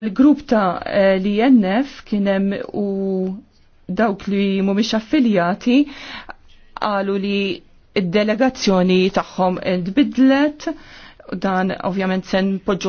Il-grupp ta' eh, l-INF kienem u dawk li mumiex affiljati għalu li id-delegazzjoni tagħhom bidlet dan ovvjament sen poġġu